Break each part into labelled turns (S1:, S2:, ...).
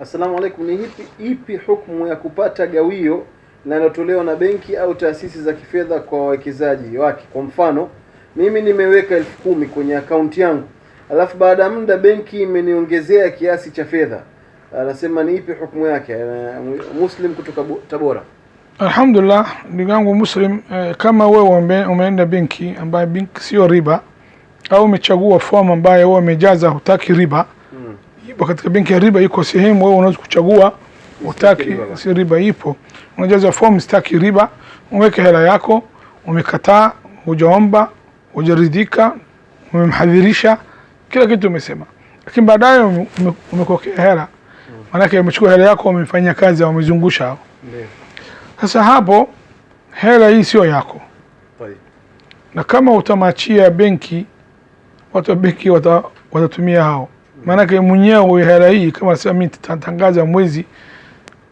S1: Assalamu alaykum, ni ipi, ipi hukumu ya kupata gawio linalotolewa na benki au taasisi za kifedha kwa wawekezaji wake? Kwa mfano mimi nimeweka elfu kumi kwenye akaunti yangu, alafu baada ya muda benki imeniongezea kiasi cha fedha, anasema ni ipi hukumu yake? Eh, Muslim kutoka Tabora.
S2: Alhamdulillah, ndugu yangu Muslim, eh, kama wewe umeenda benki ambayo benki sio riba au umechagua fomu ambayo wewe umejaza hutaki riba katika benki ya riba iko sehemu, wewe unaweza kuchagua utaki si riba ipo, unajaza form sitaki riba, uweke hela yako, umekataa, hujaomba, hujaridhika, umemhadhirisha, kila kitu umesema, lakini baadaye umekokea hela, maanake umechukua hela yako, umefanya kazi, au umezungusha hao. Sasa hapo hela hii sio yako, na kama utamachia benki, watu wa benki watatumia hao maanake mwenyewe hela hii kama nasema mimi tutatangaza mwezi,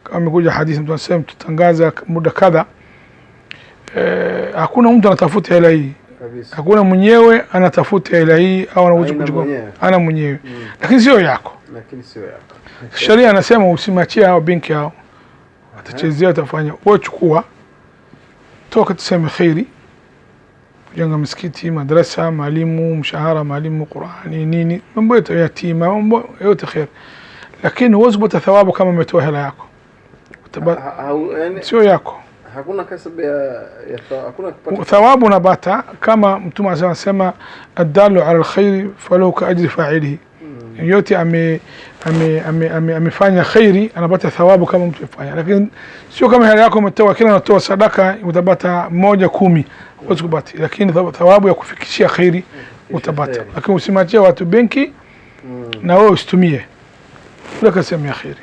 S2: kama imekuja hadithi mtu anasema tutatangaza muda kadha. E, hakuna mtu anatafuta hela hii kabisa, hakuna mwenyewe anatafuta hela hii au anaweza kuchukua ana mwenyewe mm. Lakini sio yako, lakini sio yako. Sheria anasema usimachie hao benki hao, atachezea atafanya, wewe chukua, toka tuseme kheri جنگ مسكيتي مدرسة معلم مشهارة معلم قرآن نيني من بيت يتيمة من بيت خير لكن هو زبط ثوابه كما متوهل ياكو تبا هو يعني- شو ياكو هكونا كسب يا هكونا ثوابه نباتا كما متوما زمان سما الدال على الخير فلو كأجر فاعله yote amefanya ame, ame, ame, khairi anapata thawabu kama mtu afanya, lakini sio kama hali yako umetoa kila unatoa sadaka utapata moja kumi huwezi kupata, lakini thawabu ya kufikishia khairi utapata, lakini usimachie watu benki mm. na wewe usitumie ule kasema ya khairi